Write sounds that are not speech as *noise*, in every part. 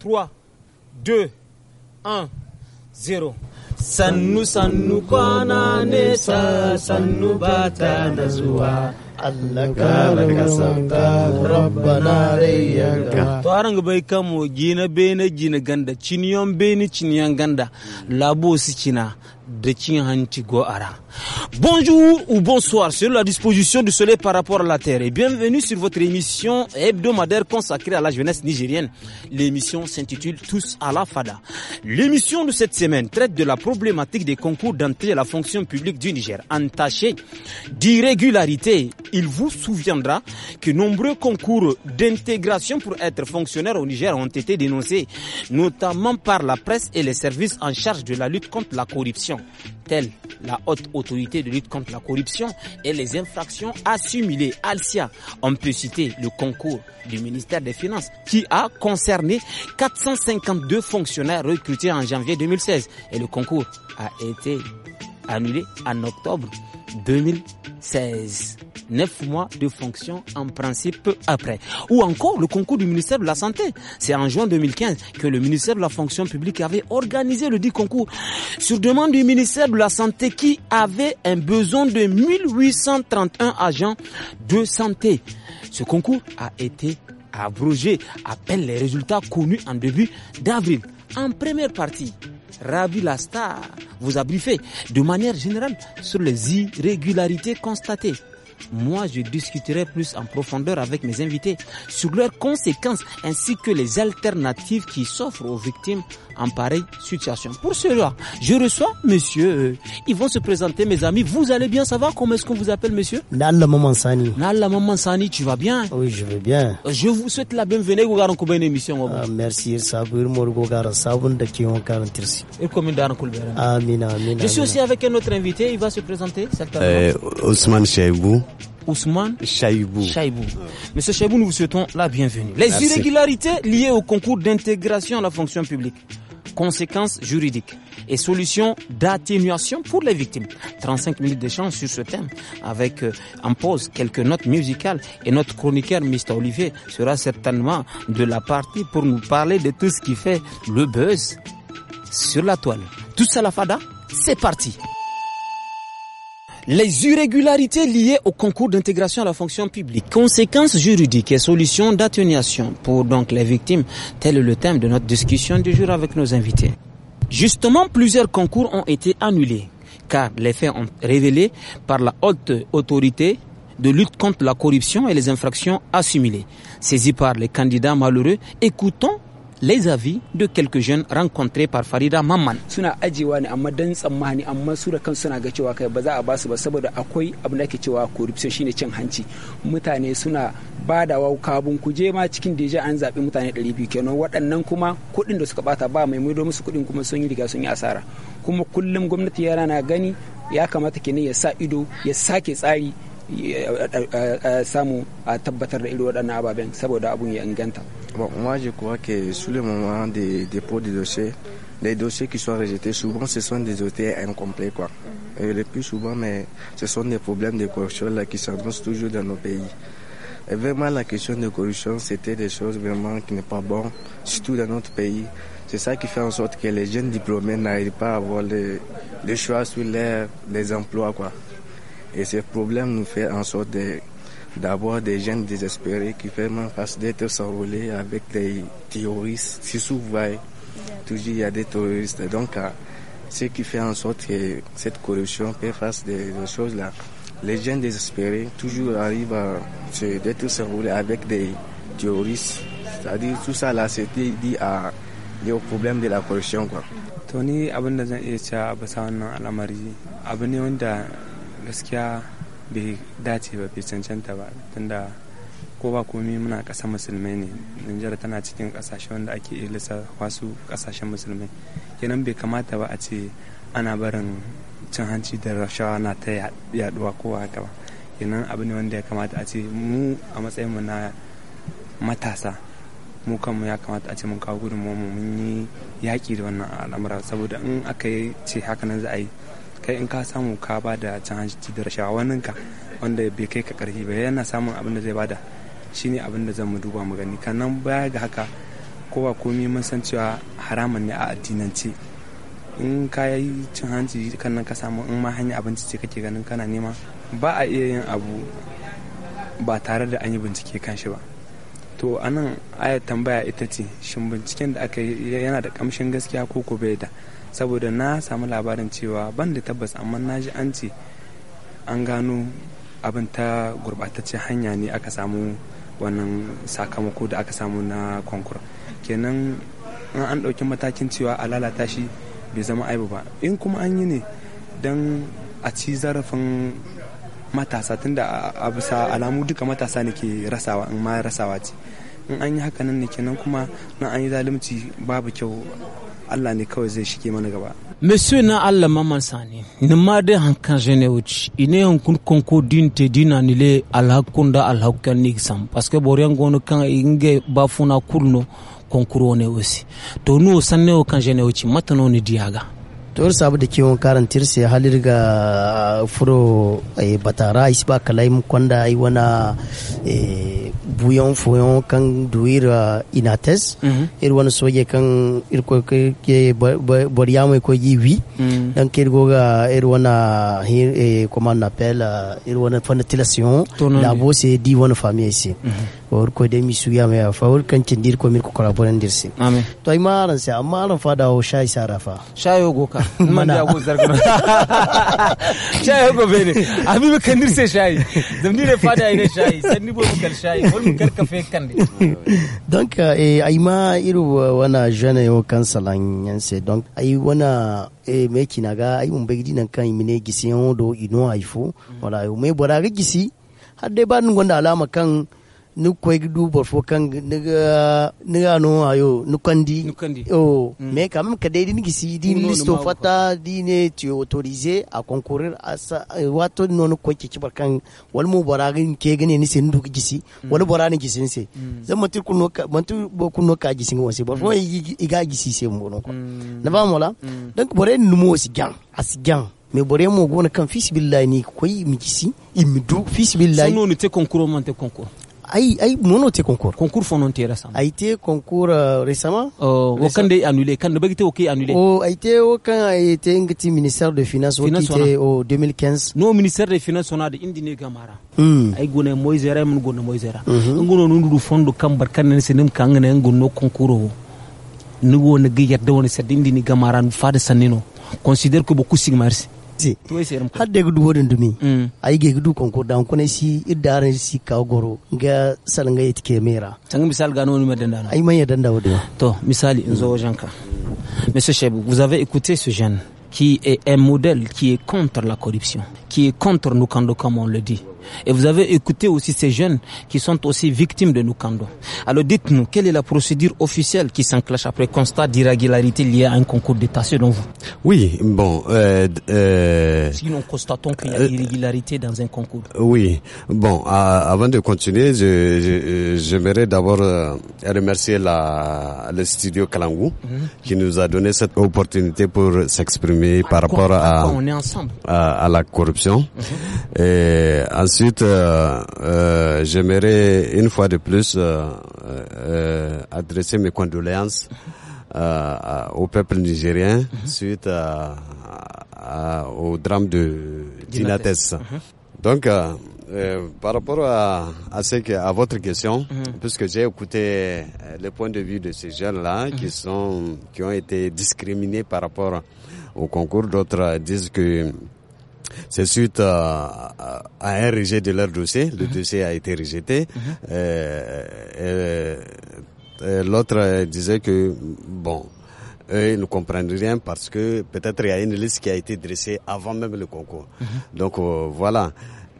3, 2, 1, 0. Sannu sannu kwana nesa sannu bata na zuwa. Allah ka kara kasanta rabbana rayyanka. To aran gaba ka gina bene gina ganda ciniyon bene ciniyan ganda labo su cina Bonjour ou bonsoir sur la disposition du soleil par rapport à la terre et bienvenue sur votre émission hebdomadaire consacrée à la jeunesse nigérienne. L'émission s'intitule Tous à la Fada. L'émission de cette semaine traite de la problématique des concours d'entrée à la fonction publique du Niger Entaché d'irrégularité. Il vous souviendra que nombreux concours d'intégration pour être fonctionnaire au Niger ont été dénoncés, notamment par la presse et les services en charge de la lutte contre la corruption telle la haute autorité de lutte contre la corruption et les infractions assimilées. Alcia, on peut citer le concours du ministère des Finances qui a concerné 452 fonctionnaires recrutés en janvier 2016 et le concours a été annulé en octobre 2016. Neuf mois de fonction en principe après. Ou encore le concours du ministère de la Santé. C'est en juin 2015 que le ministère de la Fonction publique avait organisé le dit concours sur demande du ministère de la Santé qui avait un besoin de 1831 agents de santé. Ce concours a été abrogé à peine les résultats connus en début d'avril. En première partie, Rabi Lasta vous a briefé de manière générale sur les irrégularités constatées moi je discuterai plus en profondeur avec mes invités sur leurs conséquences ainsi que les alternatives qui s'offrent aux victimes en pareille situation. Pour cela, je reçois monsieur. Ils vont se présenter, mes amis. Vous allez bien savoir comment est-ce qu'on vous appelle, monsieur Sani. Mansani. Nalam Mansani, tu vas bien Oui, je vais bien. Je vous souhaite la bienvenue au émission. Ah, merci, Je suis aussi avec un autre invité. Il va se présenter. Euh, Ousmane Cheibou. Ousmane Chaïbou. Monsieur Chaibou, nous vous souhaitons la bienvenue. Les irrégularités liées au concours d'intégration à la fonction publique. Conséquences juridiques et solutions d'atténuation pour les victimes. 35 minutes d'échange sur ce thème avec euh, en pause quelques notes musicales et notre chroniqueur Mr Olivier sera certainement de la partie pour nous parler de tout ce qui fait le buzz sur la toile. Tout ça la fada, c'est parti les irrégularités liées au concours d'intégration à la fonction publique, conséquences juridiques et solutions d'atténuation pour donc les victimes, tel est le thème de notre discussion du jour avec nos invités. Justement, plusieurs concours ont été annulés car les faits ont révélés par la haute autorité de lutte contre la corruption et les infractions assimilées. saisies par les candidats malheureux, écoutons les avis de quelques jeunes rencontrés par Farida Mamman. Suna ajewa ne amma dan tsammani amma su da kansu suna ga cewa kai ba za a basu ba saboda akwai abin da ake cewa corruption shine cin hanci. Mutane suna badawa kabun kuje ma cikin deje an zaɓi mutane 200 kenan waɗannan kuma kuɗin da suka bata ba mai maido musu kuɗin kuma sun yi riga sun yi asara. Kuma kullum gwamnati yana na gani ya kamata kenan ya sa ido ya sake tsari samu a tabbatar da irin waɗannan ababen saboda abun ya inganta. Bon, moi, je crois que sous le moment des dépôts des dossiers, les dossiers qui sont rejetés, souvent ce sont des dossiers incomplets. Quoi. Mhm. Et euh, le plus souvent, mais ce sont des problèmes de corruption là, qui s'annoncent toujours dans nos pays. Et vraiment, la question de corruption, c'était des choses vraiment qui n'est pas bon, surtout dans notre pays. C'est ça qui fait en sorte que les jeunes diplômés n'arrivent pas à avoir le, choix sur les, les emplois. Quoi. Et ce problème nous fait en sorte de d'avoir des jeunes désespérés qui ferment face d'être s'enrôler avec des terroristes. Si souvent, toujours il y a des terroristes. Donc, euh, ce qui fait en sorte que cette corruption fait face des, des choses là. Les jeunes désespérés toujours arrivent à se d'être avec des terroristes. C'est-à-dire tout ça là, c'était dit à lié au problème de la corruption quoi. Tony ni abin da zan iya cewa bisa wannan al'amari abu bai dace ba bai cancanta ba tunda ko ba komi muna ƙasa musulmai ne Nijar tana cikin ƙasashe wanda ake ilisa wasu ƙasashen musulmai kenan bai kamata ba a ce ana barin cin hanci da rashawa na ta yaduwa ko haka ba kenan abu ne wanda ya kamata a ce mu a matsayin mu na matasa mu kanmu ya kamata a ce mun kawo gudunmu mun yi yaƙi da wannan al'amura saboda in aka yi ce haka nan za a yi kai in ka samu ka ba da can hanci da shawaninka wanda bai kai ka karfi ba yana samun abin da zai bada shine abin da mu duba mu gani kannan baya ga haka kowa komi mun san cewa haramun ne a addinance in ka yi cin hanci kannan ka samu in ma hanyar abinci ce kake ganin kana nema ba a iya yin abu ba tare da an yi bincike kan shi ba to anan aya tambaya ita ce shin binciken da aka yi yana da kamshin gaskiya ko ko bai da saboda na samu labarin cewa ban da tabbas amma na ji an ce an gano abin ta gurbataccen hanya ne aka samu wannan sakamako da aka samu na konkur kenan an ɗauki matakin cewa a lalata shi bai zama aibu ba in kuma an yi ne don a ci zarafin matasa tunda a bisa alamu duka matasa ne ke rasawa in ma rasawa ce in an yi haka nan ne kenan kuma na an yi zalunci babu kyau Allah ne kawai zai shige mana gaba monsieur na Allah maman sani ni ma de hankan jene wuci yin hankun konko din te dina ni le alhakunda alhakan ni sam paske que borian gono kan inge bafuna kulno konkuro ne aussi to no sanne o kan jene wuci matano ni diaga tor sabu da kiwon karan tirse halir ga ah, furo eh, batara isi ba kalai kwanda yi wana eh, buyon foyon kan duwira inates mhm. iri wani soje kan irko bariya mai ko yiwi mhm. dan kirgo ga iri wana eh, kuma na pela iri wana fana tilasiyon la bose di wani fami isi mhm. or ko dai mi suya mai afa or kan cindir ko mir ko kolaboran dirse to ai maran sai amma ran fada o shayi sarafa shayo go ka mana ko zargana shayi ko bene abi be kandir se shayi zamni ne fada ine shayi sanni bo kal shayi wal kar kafe kande donc eh ayma iru wana jana yo kansalan yanse wana eh, mun kan mine gisi ino mm. wala me bora ga gisi hadde ba nun alama kan ni koy du bor fo kan niga niga no ayo nukandi nukandi oh mm. mais ka même kadai ni gisi di listo fata di ne tu es autorisé à concourir a sa eh, wato no no koy kici barkan wal mu baragin ke gane ni sen duk gisi mm. wal borani mm. mm. gisi se zan mutu kuno mutu bo kuno ka gisi ngo se fo iga gisi se mo no ko na ba mola donc bore numu si gan as gan mais bore mo gona kan fisibillahi ni koyi mi gisi imidu fisibillahi sono ni te concourant te concourant. ai ai nono te concours concours fo non te euh, récemment ai te concours récemment oh o kan de annulé kan de bagite o ke annulé o ai te o kan ai ngati ministère de finance o ki 2015 no ministère de finance ona de indi ne gamara ai gone moy zera mun gone moy zera ngono no ndu fondo kam barkan ne senem kan ne ngono concours o nugo ne giyat de woni sedindi ni gamara fada sanino considère que beaucoup sigmarsi se hadde gudu wodin dumi mm. ay ge gudu konko dan kone si idaren si ka goro ga salanga yitike mera tanga misal gano ni madanda ay maye danda wodo to misali nzo mm. wajanka monsieur Chebou vous avez écouté ce jeune qui est un modèle qui est contre la corruption qui est contre nous quand comme on le dit et vous avez écouté aussi ces jeunes qui sont aussi victimes de Nukando. Alors dites-nous, quelle est la procédure officielle qui s'enclenche après constat d'irrégularité liée à un concours d'État selon vous Oui, bon... Euh, euh, si nous constatons qu'il y a euh, irrégularité dans un concours. Oui, bon, avant de continuer, j'aimerais d'abord remercier la, le studio Kalangu mhm. qui nous a donné cette opportunité pour s'exprimer par rapport à, à, la corruption. Mhm. Et ensuite, Ensuite, euh, euh, j'aimerais une fois de plus euh, euh adresser mes condoléances euh, au peuple nigérien mhm. suite au drame de Dinates. Mhm. Donc, par rapport à, à, ce que, à votre question, mhm. puisque j'ai écouté les point de vue de ces jeunes-là qui sont qui ont été discriminés par rapport au concours, d'autres disent que c'est suite euh, à, un rejet de leur dossier. Le mhm. dossier a été rejeté. Mhm. Euh, euh, l'autre disait que, bon, eux, ils ne comprennent rien parce que peut-être il y a une liste qui a été dressée avant même le concours. Mhm. Donc voilà.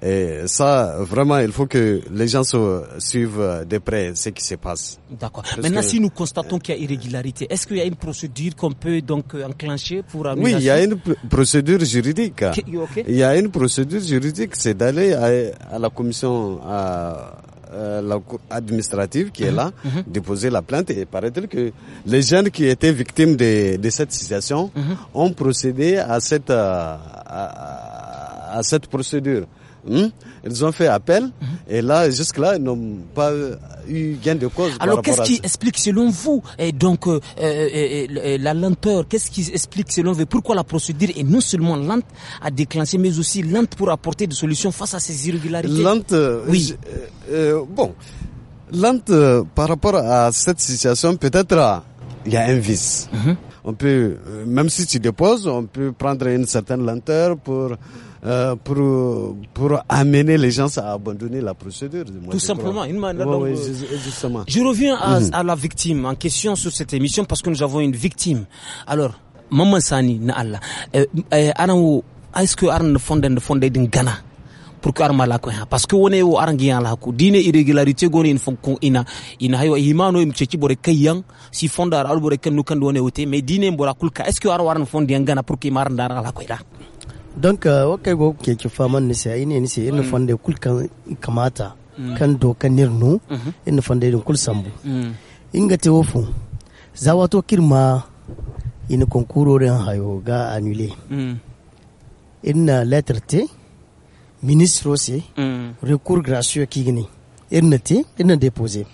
Et ça, vraiment, il faut que les gens se suivent de près ce qui se passe. D'accord. Maintenant, si nous constatons qu'il y a irrégularité, est-ce qu'il y a une procédure qu'on peut donc euh, enclencher pour améliorer Oui, il y a une procédure juridique. Il y a une procédure juridique, c'est d'aller à, la commission la administrative qui est là, mhm, mhm. déposer la plainte et paraît-il que les jeunes qui étaient victimes de, cette situation mhm. ont procédé à cette euh, à cette procédure. Hmm? ils ont fait appel mhm. et là, jusque-là, ils n'ont pas eu gain de cause. Alors, qu'est-ce qui explique selon vous et donc euh, euh, euh, la lenteur Qu'est-ce qui explique selon vous pourquoi la procédure est non seulement lente à déclencher, mais aussi lente pour apporter des solutions face à ces irrégularités Lente, oui. bon, lente par rapport à cette situation, peut-être il y a un vice. Mhm on peut, euh, même si tu déposes, on peut prendre une certaine lenteur pour euh, pour pour amener les gens à abandonner la procédure. Tout simplement, une manière. justement. Je reviens mhm. à, la victime en question sur cette émission parce que nous avons une victime. Alors, Maman Sani na Allah. Euh, est-ce que Arne Fonde Ghana? pour que arma la ko ha parce que woné wo arangi ya la ko dine irregularité goni in fonko ina ina hayo himano im chechi bore kayan si fondar al bore kan nukan woni wote mais dine bora kulka est ce que ar waran fondi ngana pour que mar ndar la ko ida donc euh, kay go ke ci faman ni sai ni sai in mm. fonde kulkan kamata mm. kan do kan nirnu in mm-hmm. fonde din kul sambu mm. inga te wofu zawato kirma ina konkuro ren hayo ga annulé ina lettre mm. ministre mm. recours gracieux qui il il n'a déposé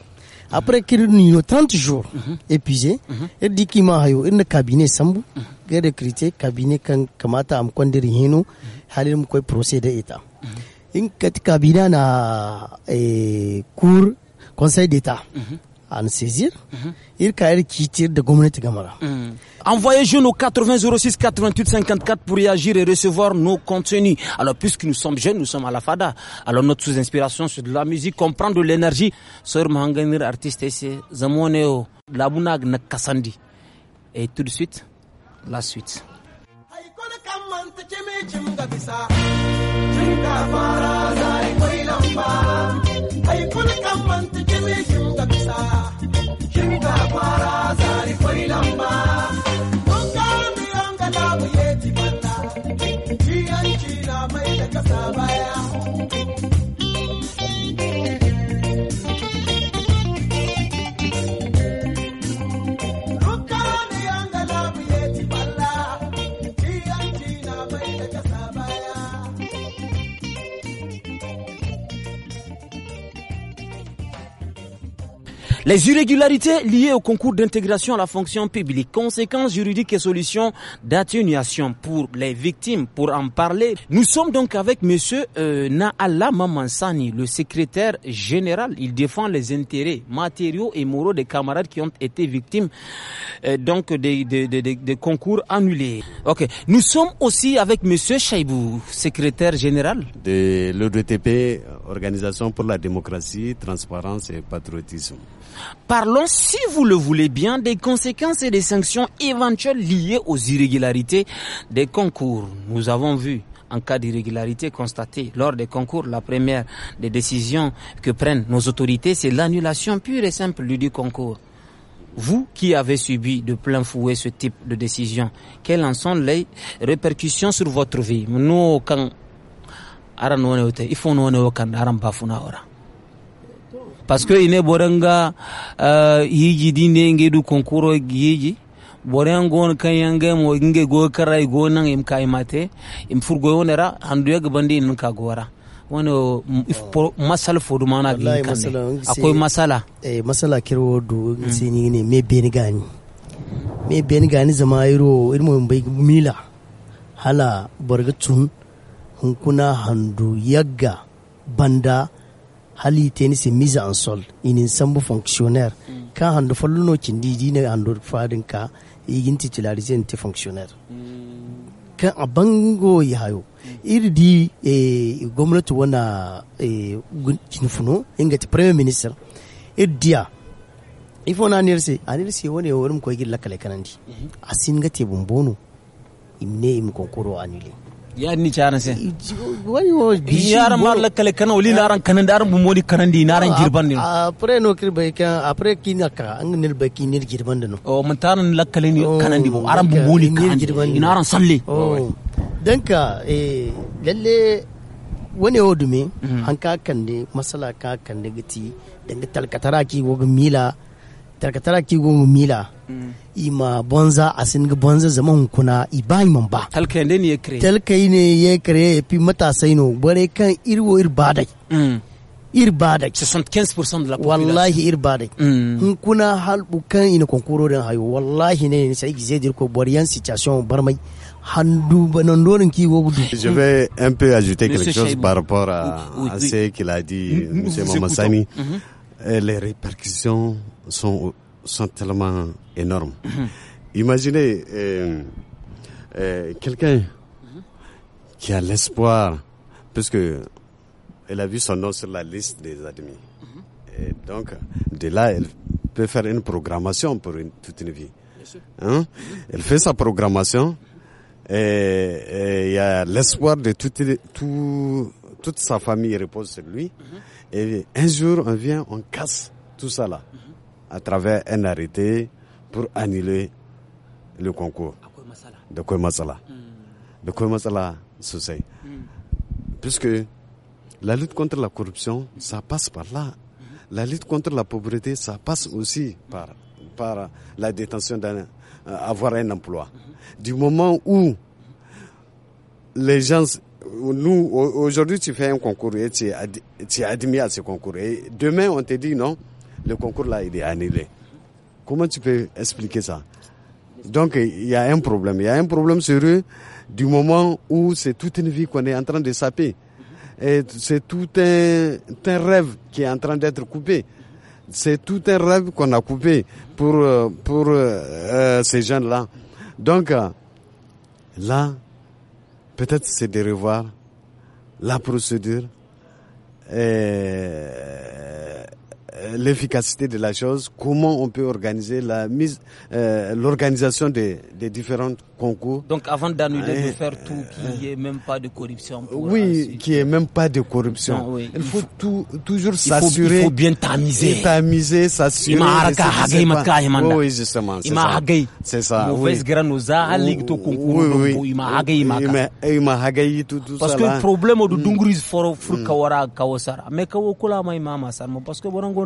après qu'il eu 30 jours mhm. épuisé mhm. il dit qu'il m'a eu un cabinet sambu il le cabinet quand kamata am kondiri hinu mhm. halim un procéder. état in Un cabinet à conseil d'état à saisir. Il a qui tire de communauté Gamara. Envoyez nous au 80 06 88 54 pour réagir et recevoir nos contenus. Alors, puisque nous sommes jeunes, nous sommes à la FADA. Alors, notre sous-inspiration, c'est de la musique, comprendre de l'énergie. Sœur Mahanganir, artiste, c'est Zamoneo, Labunag, Nakasandi. Et tout de suite, la suite. wani kan manta cimicin ga bisa. Cin ka fara za a kwai lamba, ai kuli kan manta cimicin ga bisa. Cin ka fara za a kwai lamba, mun ga Les irrégularités liées au concours d'intégration à la fonction publique, conséquences juridiques et solutions d'atténuation pour les victimes, pour en parler. Nous sommes donc avec monsieur euh, Naala Mamansani, le secrétaire général. Il défend les intérêts matériaux et moraux des camarades qui ont été victimes euh, donc des, des, concours annulés. Ok. Nous sommes aussi avec monsieur Chaibou, secrétaire général de l'ODTP, Organisation pour la démocratie, transparence et patriotisme. Parlons, si vous le voulez bien, des conséquences et des sanctions éventuelles liées aux irrégularités des concours. Nous avons vu en cas d'irrégularité constatée lors des concours, la première des décisions que prennent nos autorités, c'est l'annulation pure et simple du concours. Vous qui avez subi de plein fouet ce type de décision, quelles en sont les répercussions sur votre vie? parce que ine boranga uh, hiji ne nge du konkuro hiji boren gon kan yange mo nge go karai go nan im kai mate im furgo onera handu yag bandi in ka gora wani masal du mana gi kan akwai masala eh masala kirwo du mm. sini ne me ben gani me ben gani zama iro irmo bai mila hala borga tun hunkuna handu yagga banda hali tenis e mise en sol in ensemble fonctionnaire mm. ka kan hando folluno cindi dina hando fadin ka igin titularise te fonctionnaire mm. Ka kan a bango yahayo mm. iri di eh, gwamnati wana e kinfuno ingati premier ministre iri diya ifo na anirse anirse wani ko koyi lakale kanandi mm-hmm. asin gate bumbono imne im konkuro anile yani charan se wani wo bi yaran mar la kale kana wali laran kana daran bu modi kana di naran girban din apre no kir bay kan apre kina ka an nil bay kinir girban din o oh, man taran la kale ni oh, kana di bu aran bu modi kanan ina aran salle oh, danka eh lalle wani wo dume mm-hmm. an ka kan ne masala ka kan ne giti danga talkatara ki wo mila talkatara ki wo mila Mm. ima bonza asin ga bonza zaman kuna iba iman ba talkai ne ya kare talkai ne ya kare ya matasai no bare kan irwo irbadai irbadai 75% de la population wallahi irbadai in mm. kuna bu kan ina konkuro den hayo wallahi ne sai gize dir ko boriyan situation barmai Je vais un peu ajouter quelque chose par rapport à, à ce qu'il a dit, M. Mamassani. Mm-hmm. Les répercussions sont sont tellement énormes. Mhm. *clears throat* Imaginez euh, euh, quelqu'un qui a l'espoir, puisque elle a vu son nom sur la liste des admis. Mhm. Et donc, de là, elle peut faire une programmation pour toute une vie. Hein? Elle fait sa programmation et il y a l'espoir de toute, toute sa famille repose sur lui. Mhm. Et un jour, on vient, on casse tout ça là à travers un arrêté pour annuler le concours de kwai hmm. De hmm. puisque la lutte contre la corruption ça passe par là hmm. la lutte contre la pauvreté ça passe aussi par par la détention d'avoir euh, un emploi du moment où les gens nous aujourd'hui tu fais un concours et tu es, admis à ce concours et demain on te dit non le concours-là, il est annulé. Comment tu peux expliquer ça Donc, il y a un problème. Il y a un problème sérieux du moment où c'est toute une vie qu'on est en train de saper. Et c'est tout un, un, rêve qui est en train d'être coupé. C'est tout un rêve qu'on a coupé pour, euh, pour euh, euh, ces jeunes-là. Donc, là, peut-être c'est de revoir la procédure. Et euh, l'efficacité de la chose, comment on peut organiser la mise, euh, l'organisation des, différents concours. Donc avant d'annuler, de faire euh, tout, qu'il n'y même pas de corruption. oui, qu'il n'y même pas de corruption. il, faut toujours s'assurer. Il, faut bien tamiser. Tamiser, s'assurer. Oui, justement. C'est ça. Oui, oui. Mm. Mm. Parce que le problème de Mais parce que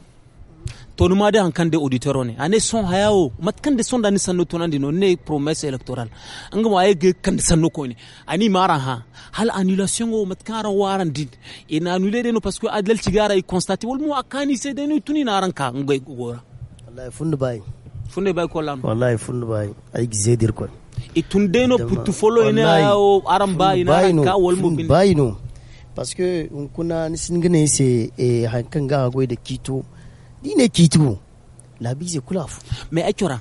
to numa de hankande auditeur ne ane son hayawo mat kande son dani sanno tonandi no ne promesse electorale angamo aye ge kande sanno koyne ani mara ha hal annulation o mat karan waran din ina e annulé de no parce que adel tigara i e constaté wol mo akani se de no e tuni naran ka ngoy gora wallahi fundu bay fundu bay ko lam wallahi fundu bay ay gizedir koy itundeno putu folo ina o aram bay ina ka wol mo bin no parce que kuna nisin gane se hankan ga goy de kito dine kitu la bise kulaf mais akora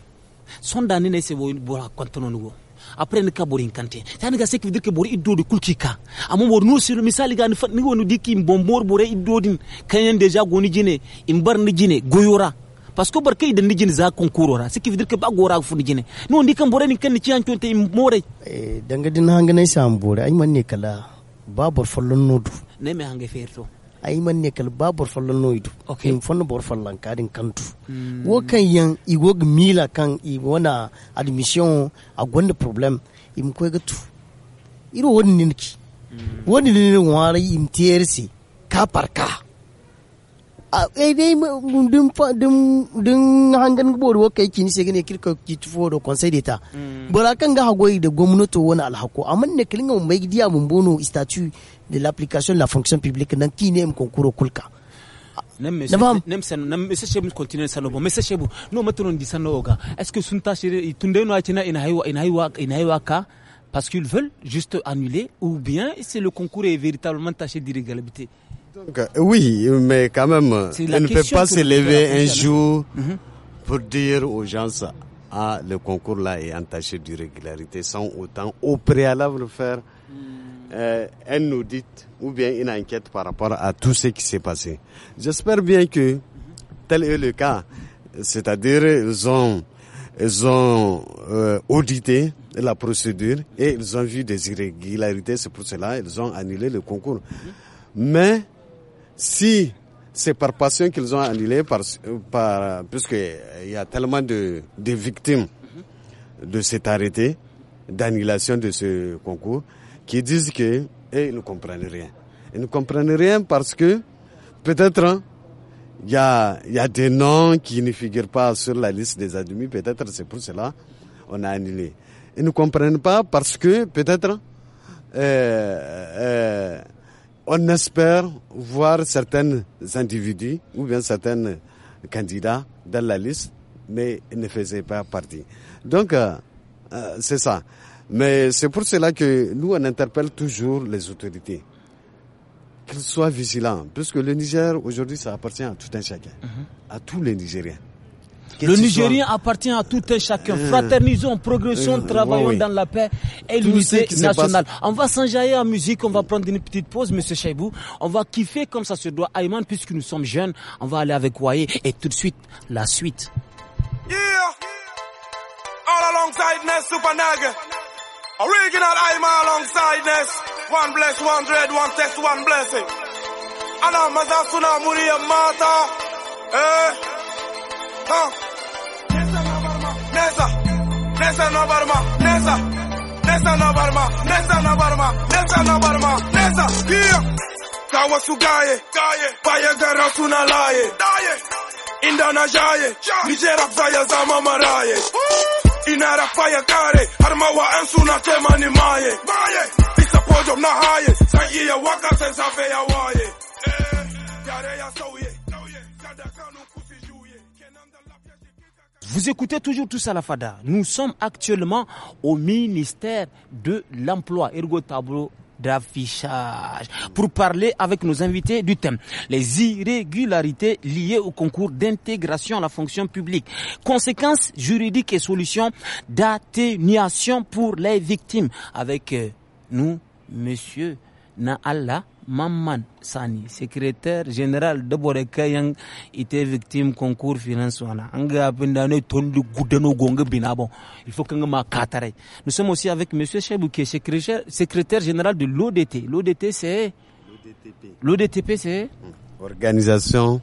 sonda ne se bo bora kontono nugo après ni ka bori kante tani ga sek vidir ke bori iddo de kulki ka amma bor no sir misali ga ni fat ni wonu diki bombor bore iddo din kanyen deja goni jine in bar ni jine goyora parce que de ni jine za concours ra sik vidir ke ba gora fu ni jine no ndi kan bore ni kan ci an cionte in more eh din hanga ne sam bore ay man ne kala babor fallon nodu ne me hanga ferto ay man ne kal ba bor fallan noydu okay. in fannu bor fallan kadin kantu hmm. wo kan yan i wog mila kan i wona admission a gonda problem im ko ga tu iro woni ninki mm. woni ne wari im tiersi ka parka e dai dun dun hangan gbor wo kai kini se gane kirka ki tufo do conseil d'etat mm. bora kan ga hagoyi da gwamnati wani alhako amma ne kilinga mun bai diya mun bono statut de l'application de la fonction publique nan kini em konkuro kulka nem sen nem mese shebu continue salo bo mese shebu no matono ndi sano oga est-ce que sont shire tunde no achina ina haiwa ina haiwa ina haiwa ka parce qu'ils veulent juste annuler ou bien c'est le concours est véritablement taché d'irrégularité oui, mais quand même, elle ne peut pas se lever un jour mhm. pour dire aux gens ça. Ah, le concours là est entaché d'irrégularité sans autant au préalable faire hmm. euh, un audit ou bien une enquête par rapport à tout ce qui s'est passé. J'espère bien que tel est le cas. C'est-à-dire, ils ont, ils ont euh, audité la procédure et ils ont vu des irrégularités. C'est pour cela ils ont annulé le concours. Hmm. Mais si c'est par passion qu'ils ont annulé, parce par, puisqu'il y a tellement de, victimes de cet arrêté, d'annulation de ce concours, qui disent que et eh, ils ne comprennent rien. Ils ne comprennent rien parce que peut-être hein, il y, a, y a des noms qui ne figurent pas sur la liste des admis, peut-être c'est pour cela on a annulé. Ils ne comprennent pas parce que peut-être euh, euh on espère voir certains individus ou bien certains candidats dans la liste, mais ils ne faisaient pas partie. Donc, euh, euh, c'est ça. Mais c'est pour cela que nous, on interpelle toujours les autorités. Qu'ils soient vigilants, puisque le Niger, aujourd'hui, ça appartient à tout un chacun, mhm. à tous les Nigériens le Nigérien appartient à tout et chacun. Euh, Fraternisons, progressons, euh, travaillons dans la paix et l'unité nationale. On va s'enjailler en musique, on va prendre une petite pause, Monsieur Chaibou. On va kiffer comme ça se doit. Ayman, puisque nous sommes jeunes, on va aller avec Waye et tout de suite, la suite. nessa, nessa nova arma, nessa, nessa nova arma, nessa nova arma, nessa nova arma, nessa, yeah. Kawa sugaye, gaye, baya gara sunalaye, daye, indana jaye, nijera faya zama maraye, inara faya kare, harma wa ensu na tema ni maye, maye, isa pojo na haye, sa iye waka sen safe ya waye, eh, yare ya sauye. Vous écoutez toujours tout à la FADA. Nous sommes actuellement au ministère de l'Emploi, ergo tableau d'affichage, pour parler avec nos invités du thème les irrégularités liées au concours d'intégration à la fonction publique, conséquences juridiques et solutions d'atténuation pour les victimes. Avec euh, nous, monsieur na Allah maman Sani, secrétaire général de Borekayan, était victime concours finance. Il faut que Nous sommes aussi avec Monsieur Chebou, secrétaire, secrétaire général de l'ODT. L'ODT, c'est. L'ODTP, c'est. Organisation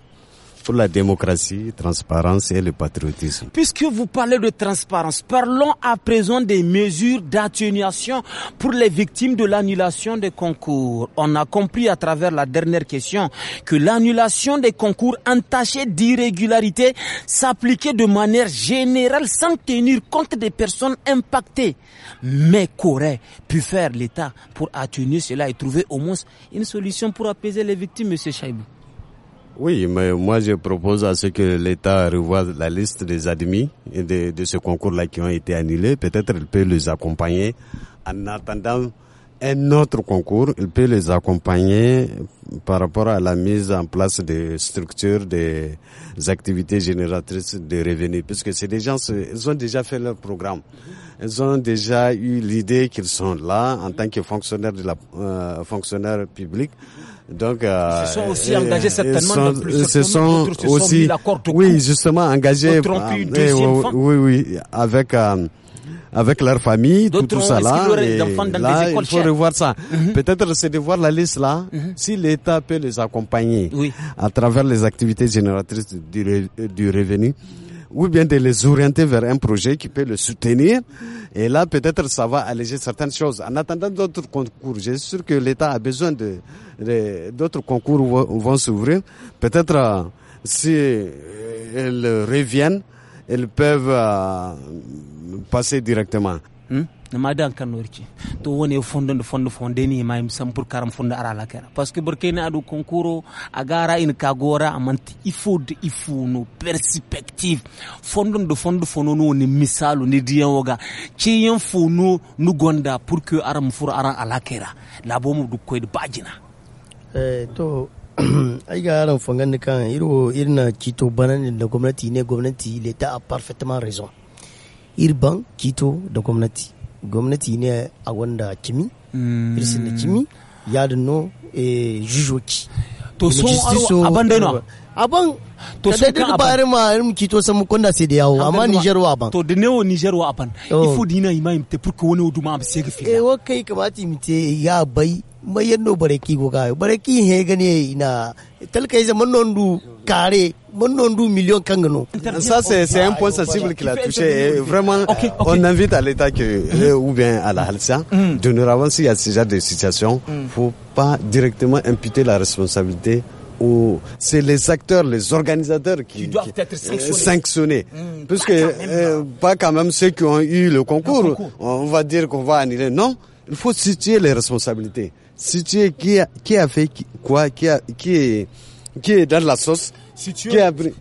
pour la démocratie, transparence et le patriotisme. Puisque vous parlez de transparence, parlons à présent des mesures d'atténuation pour les victimes de l'annulation des concours. On a compris à travers la dernière question que l'annulation des concours entachés d'irrégularité s'appliquait de manière générale sans tenir compte des personnes impactées. Mais qu'aurait pu faire l'État pour atténuer cela et trouver au moins une solution pour apaiser les victimes, M. Chaibou oui, mais moi je propose à ce que l'État revoie la liste des admis et de, de ce concours-là qui ont été annulés. Peut-être elle peut les accompagner en attendant un autre concours, il peut les accompagner par rapport à la mise en place des structures, des activités génératrices de revenus, puisque c'est des gens, ils ont déjà fait leur programme. Ils ont déjà eu l'idée qu'ils sont là en tant que fonctionnaires de la euh, fonctionnaire public. Donc, euh, ils se sont aussi euh, engagés certainement. Sont, plus se sont aussi, oui, justement engagés. oui, oui, avec avec leur famille, tout, tout ça là. il faut revoir ça. Mhm. Peut-être c'est de voir la liste là, mhm. si l'État peut les accompagner oui. à travers les activités génératrices du, du revenu ou bien de les orienter vers un projet qui peut le soutenir. Et là, peut-être, ça va alléger certaines choses. En attendant d'autres concours, j'ai sûr que l'État a besoin de, d'autres concours vont, vont s'ouvrir. Peut-être, euh, si euh, elles reviennent, elles peuvent euh, passer directement hmm? ma dan kan norki to woni fondo do fondo fonde ni ma sam pour karam fondo ara la kera parce que burkina adu concours agara in kagora amanti ifo de ifo no perspective fondo do fondo fono no ni misalu ni diyan woga ci yan fono nu gonda pour que aram fur ara ala kera la bomu du koy de bajina eh to *clears throat* ay ga aran fongan kan iro irna cito banani da gomnati ne gomnati l'etat a parfaitement raison irban kito da gwamnati gwamnati ne a wanda kimi irisin mm. da kimi ya da no eh, jujoki to so aro aban da no aban to so ka aban bare ma irin kito san mun konda sai da yawo amma Niger wa aban to da ne wo Niger wa aban oh. ifu dina imam te pour que woni oduma am sege fi eh wo kai kamati mi te ya bai Ça, c'est un point sensible qu'il a touché. vraiment, on invite à l'État que, mm. euh, ou bien à la Halsa, mm. de nous avancer à ce genre de situation faut mm. pas directement imputer la responsabilité ou c'est les acteurs, les organisateurs qui, doivent être sanctionnés. Euh, parce que euh, hein. pas quand même ceux qui ont eu le concours. Le concours. On va dire qu'on va annuler. Non, il faut situer les responsabilités. Si tu es qui a, qui a fait quoi, qui, a, qui, est, qui est dans la sauce, si tu,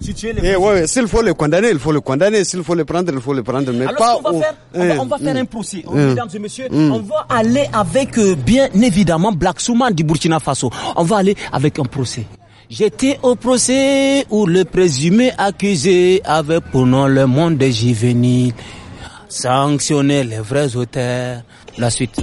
si tu es eh, ouais, s'il faut le condamner, il faut le condamner. S'il faut le prendre, il faut le prendre. Mais pas. Eh, on va, faire, on, va, faire, un procès. Hmm, Mesdames et messieurs, hmm. on va aller avec, euh, bien évidemment, Black Souman du Burkina Faso. On va aller avec un procès. J'étais au procès où le présumé accusé avait pour le monde des juvéniles. Sanctionner les vrais auteurs. La suite.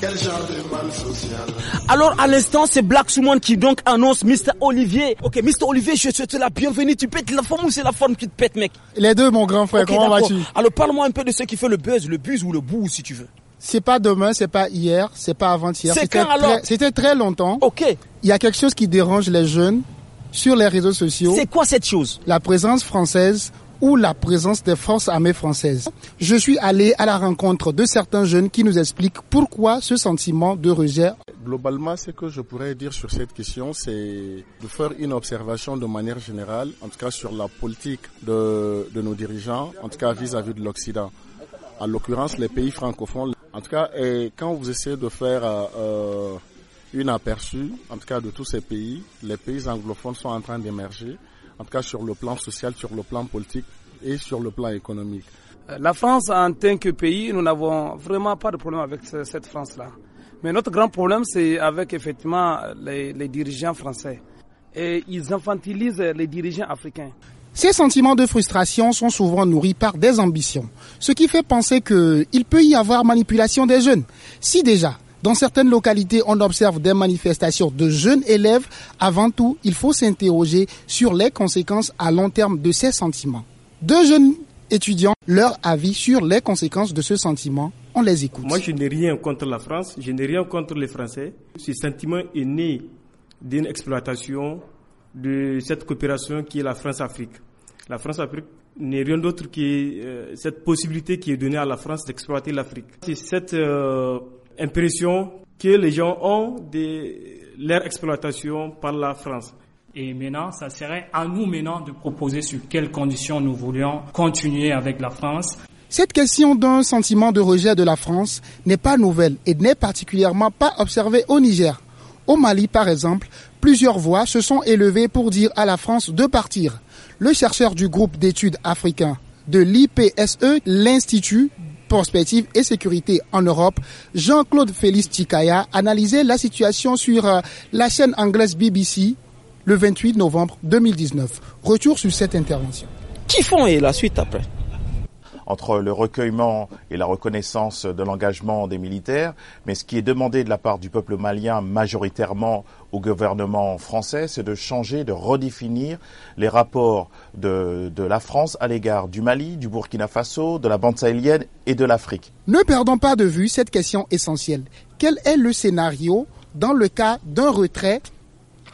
Quel genre de mal social Alors à l'instant, c'est Black Suman qui donc annonce Mr. Olivier. Ok, Mr. Olivier, je souhaite la bienvenue. Tu pètes la forme ou c'est la forme qui te pète, mec Les deux, mon grand frère. Comment vas-tu Alors parle-moi un peu de ce qui fait le buzz, le buzz ou le bout, si tu veux. C'est pas demain, c'est pas hier, c'est pas avant-hier. C'est C'était très longtemps. Ok. Il y a quelque chose qui dérange les jeunes sur les réseaux sociaux. C'est quoi cette chose La présence française ou la présence des forces armées françaises. Je suis allé à la rencontre de certains jeunes qui nous expliquent pourquoi ce sentiment de rejet. Globalement, ce que je pourrais dire sur cette question, c'est de faire une observation de manière générale, en tout cas sur la politique de, nos dirigeants, en tout cas vis-à-vis de l'Occident. En l'occurrence, les pays francophones. En tout cas, quand vous essayez de faire euh, une aperçu, en tout cas de tous ces pays, les pays anglophones sont en train d'émerger en tout cas sur le plan social, sur le plan politique et sur le plan économique. Euh, la France, en tant que pays, nous n'avons vraiment pas de problème avec cette France-là. Mais notre grand problème, c'est avec effectivement les, dirigeants français. Et ils infantilisent les dirigeants africains. Ces sentiments de frustration sont souvent nourris par des ambitions, ce qui fait penser qu'il peut y avoir manipulation des jeunes. Si déjà dans certaines localités, on observe des manifestations de jeunes élèves. Avant tout, il faut s'interroger sur les conséquences à long terme de ces sentiments. Deux jeunes étudiants, leur avis sur les conséquences de ce sentiment, on les écoute. Moi, je n'ai rien contre la France, je n'ai rien contre les Français. Ce sentiment est né d'une exploitation de cette coopération qui est la France-Afrique. La France-Afrique n'est rien d'autre que euh, cette possibilité qui est donnée à la France d'exploiter l'Afrique. C'est cette euh, impression que les gens ont de leur exploitation par la France. Et maintenant, ça serait à nous maintenant de proposer sur quelles conditions nous voulions continuer avec la France. Cette question d'un sentiment de rejet de la France n'est pas nouvelle et n'est particulièrement pas observée au Niger. Au Mali, par exemple, plusieurs voix se sont élevées pour dire à la France de partir. Le chercheur du groupe d'études africains de l'IPSE, l'Institut prospective et sécurité en Europe, Jean-Claude Félix Tikaya analysait la situation sur euh, la chaîne anglaise BBC le 28 novembre 2019. Retour sur cette intervention. Qui font et la suite après entre le recueillement et la reconnaissance de l'engagement des militaires, mais ce qui est demandé de la part du peuple malien majoritairement au gouvernement français, c'est de changer, de redéfinir les rapports de, la France à l'égard du Mali, du Burkina Faso, de la bande sahélienne et de l'Afrique. Ne perdons pas de vue cette question essentielle. Quel est le scénario dans le cas d'un retrait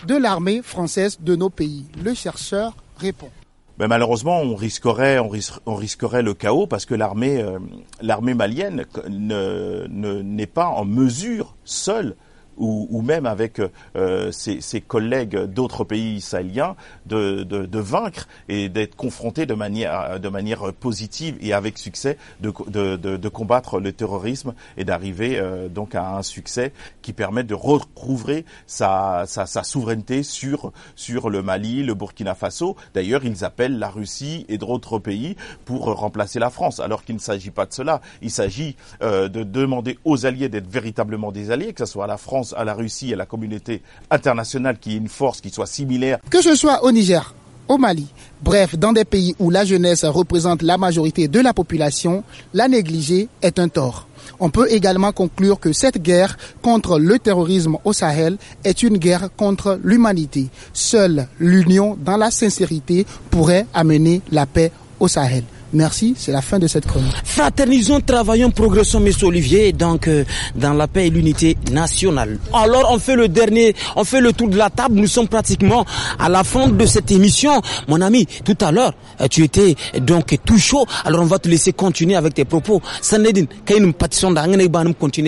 de l'armée française de nos pays Le chercheur répond. Mais malheureusement, on risquerait, on, risquerait le chaos parce que l'armée, euh, l'armée malienne euh, n'est ne, n'est pas en mesure seule ou, ou même avec euh, ses, collègues d'autres pays sahéliens, de, de, de vaincre et d'être confronté de manière, de manière positive et avec succès de, de, de combattre le terrorisme et d'arriver euh, donc à un succès qui permet de recouvrer sa, sa, sa souveraineté sur, sur le Mali, le Burkina Faso. D'ailleurs, ils appellent la Russie et d'autres pays pour remplacer la France, alors qu'il ne s'agit pas de cela. Il s'agit euh, de demander aux alliés d'être véritablement des alliés, que ce soit la France, à la Russie, et à la communauté internationale qui est une force qui soit similaire. Que ce soit au Niger, au Mali, bref, dans des pays où la jeunesse représente la majorité de la population, la négliger est un tort. On peut également conclure que cette guerre contre le terrorisme au Sahel est une guerre contre l'humanité. Seule l'union dans la sincérité pourrait amener la paix au Sahel. Merci, c'est la fin de cette chronique. Fraternisons, travaillons, progressons, Monsieur Olivier, donc euh, dans la paix et l'unité nationale. Alors on fait le dernier, on fait le tour de la table, nous sommes pratiquement à la fin de cette émission. Mon ami, tout à l'heure, euh, tu étais donc tout chaud, alors on va te laisser continuer avec tes propos. Sanedine, nous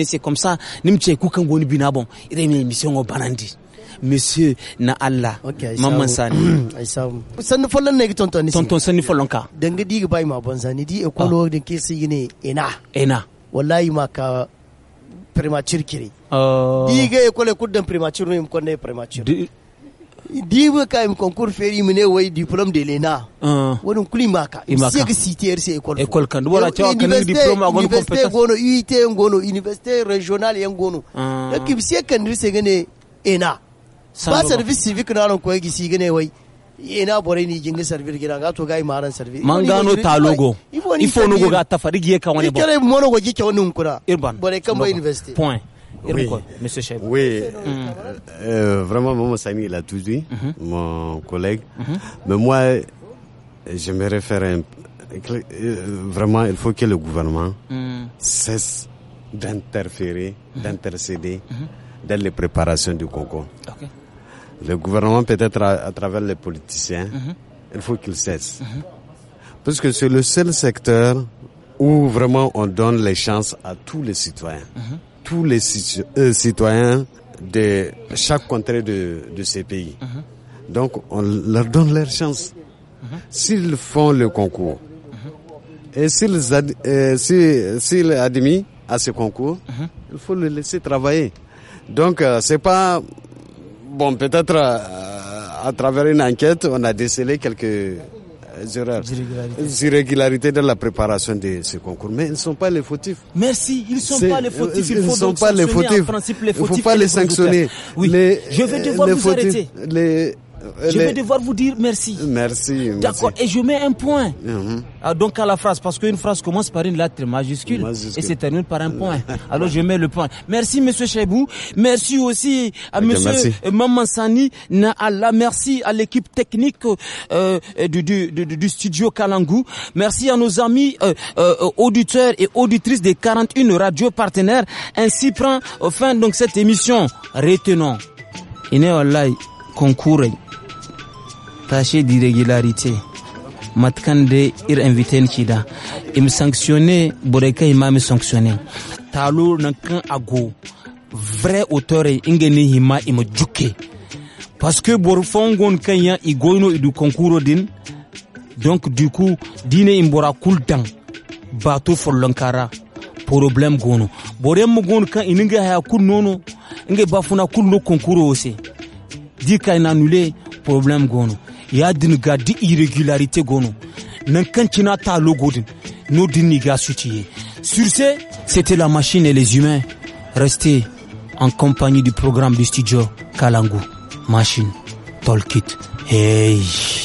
c'est comme ça, une émission au Banandi monsieur na Allah okay, mamman sani ai samu folon follon ne tonton ni tonton sanni follon ka danga digi bai ma bonzani ah. euh. di e kolo din ke si ne ina ina wallahi ma ka premature kiri diga e kole kuddan premature ne ko ne premature dibe ka im concours feri ne way diplôme de l'ENA woni kuli maka sigi citer se école école kan wala taw kan diplôme agon compétence gono UIT gono université régionale yengono gono ah. donc bi se kan se gane ENA ba service civic na ran ko gi si gane wai ina eh, bore ni jingi servir gina ga to gai maran servir man gano ta logo ifo nugo ga ta farigi ka wani ba kare mono go gi kyawun kura irban bore kan ba university point Oui, Monsieur Chef. Oui, mm. euh, euh vraiment, Maman Samy, il a tout dit, mm -hmm. mon collègue. Mm -hmm. Mais moi, j'aimerais faire un. Euh, vraiment, il faut que le gouvernement mm. cesse d'interférer, mm-hmm. d'intercéder mm-hmm dès les préparations du concours. Le gouvernement, peut-être à, travers les politiciens, mhm. il faut qu'ils cessent. Mhm. Parce que c'est le seul secteur où vraiment on donne les chances à tous les citoyens. Mhm. Tous les euh, citoyens de chaque contrée de, de ces pays. Donc on leur donne leur chance. S'ils font le concours, et s'ils ad, euh, admis à ce concours, il faut les laisser travailler. Donc, euh, c'est pas bon. Peut-être euh, à travers une enquête, on a décelé quelques euh, irrégularités. irrégularités dans la préparation de ce concours. Mais ils ne sont pas les fautifs. Merci, ils ne sont pas les fautifs. Il faut ils ne sont pas les fautifs. En principe, les fautifs. Il ne faut pas les, sanctionner. Oui. je vais devoir vous arrêter. Les, je vais devoir vous dire merci. Merci. D'accord. Et je mets un point. Mhm. Ah, donc à la phrase, parce qu'une phrase commence par une lettre majuscule, et se termine par un point. Alors je mets le point. Merci Monsieur Chebou. Merci aussi à Monsieur euh, Mamansani Merci à l'équipe technique euh, du, studio Kalangu. Merci à nos amis euh, auditeurs et auditrices des 41 radios partenaires. Ainsi prend fin donc cette émission. Retenons. Ine live tâcher d'irrégularité matkande ir invité kida im sanctionné boreka ima mi sanctionné talu nankan ago vrai auteur ingeni hima ima juke parce que bor fongon kanya igoyno idu concours din donc du coup dine imbora kultan bato lankara, problème gono borem gono kan ininga haya kun nono inge bafuna kullo concours ose di kayna annulé problème gono yadin ga di irrégularité gono nan kanchina ta logodin no sur ce c'était la machine et les humains restés en compagnie du programme du studio Kalangu machine Tolkit hey